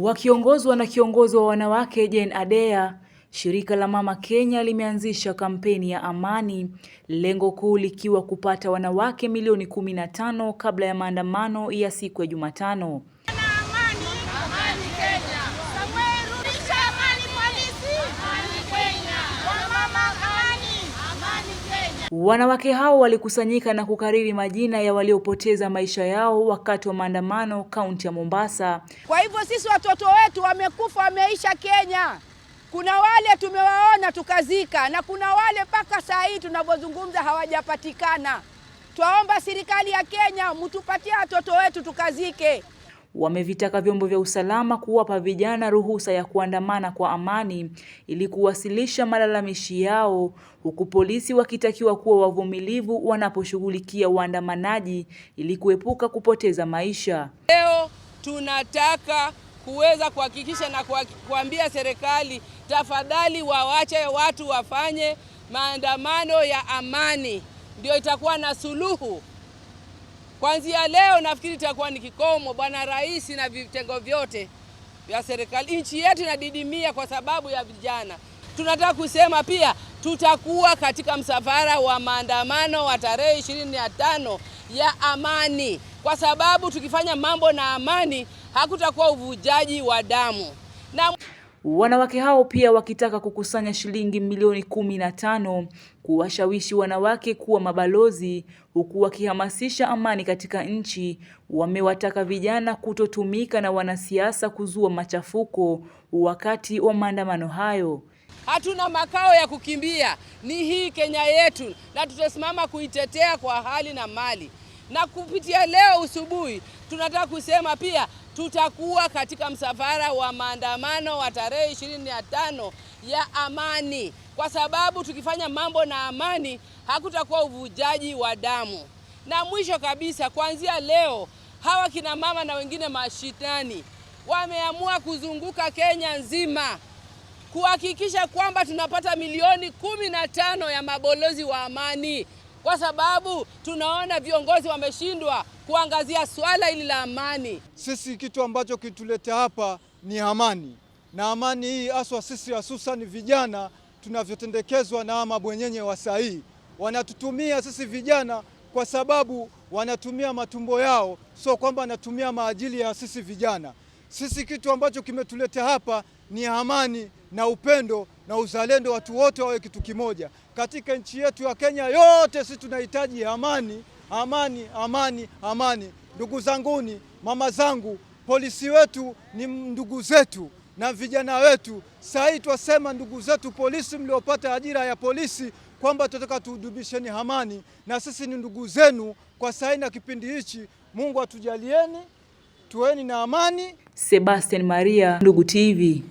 Wakiongozwa na kiongozi wa wanawake Jane Adea, shirika la Mama Kenya limeanzisha kampeni ya amani, lengo kuu likiwa kupata wanawake milioni kumi na tano kabla ya maandamano ya siku ya Jumatano. Wanawake hao walikusanyika na kukariri majina ya waliopoteza maisha yao wakati wa maandamano kaunti ya Mombasa. Kwa hivyo sisi watoto wetu wamekufa, wameisha Kenya. Kuna wale tumewaona tukazika, na kuna wale mpaka saa hii tunavyozungumza hawajapatikana. Twaomba serikali ya Kenya mtupatie watoto wetu tukazike wamevitaka vyombo vya usalama kuwapa vijana ruhusa ya kuandamana kwa amani ili kuwasilisha malalamishi yao, huku polisi wakitakiwa kuwa wavumilivu wanaposhughulikia waandamanaji ili kuepuka kupoteza maisha. Leo tunataka kuweza kuhakikisha na kuambia serikali tafadhali, wawache watu wafanye maandamano ya amani, ndio itakuwa na suluhu kwanzia leo nafikiri itakuwa ni kikomo, bwana rais na vitengo vyote vya serikali. Nchi yetu inadidimia kwa sababu ya vijana. Tunataka kusema pia tutakuwa katika msafara wa maandamano wa tarehe ishirini na tano ya amani, kwa sababu tukifanya mambo na amani hakutakuwa uvujaji wa damu na Wanawake hao pia wakitaka kukusanya shilingi milioni kumi na tano kuwashawishi wanawake kuwa mabalozi, huku wakihamasisha amani katika nchi. Wamewataka vijana kutotumika na wanasiasa kuzua machafuko wakati wa maandamano hayo. Hatuna makao ya kukimbia, ni hii Kenya yetu, na tutasimama kuitetea kwa hali na mali. Na kupitia leo usubuhi tunataka kusema pia tutakuwa katika msafara wa maandamano wa tarehe ishirini na tano ya amani, kwa sababu tukifanya mambo na amani hakutakuwa uvujaji wa damu. Na mwisho kabisa, kuanzia leo hawa kina mama na wengine mashitani wameamua kuzunguka Kenya nzima kuhakikisha kwamba tunapata milioni kumi na tano ya mabalozi wa amani kwa sababu tunaona viongozi wameshindwa kuangazia swala hili la amani. Sisi kitu ambacho kituleta hapa ni amani, na amani hii haswa sisi hususan vijana tunavyotendekezwa na mabwenyenye wa sahii, wanatutumia sisi vijana kwa sababu wanatumia matumbo yao, sio kwamba wanatumia maajili ya sisi vijana. Sisi kitu ambacho kimetuleta hapa ni amani na upendo na uzalendo, watu wote wawe kitu kimoja katika nchi yetu ya Kenya. Yote sisi tunahitaji amani, amani, amani, amani. Ndugu zanguni, mama zangu, polisi wetu ni ndugu zetu na vijana wetu. Saa hii twasema ndugu zetu polisi, mliopata ajira ya polisi, kwamba tunataka tuhudumisheni amani, na sisi ni ndugu zenu kwa saa hii na kipindi hichi. Mungu atujalieni, tuweni na amani. Sebastian Maria, Ndugu TV.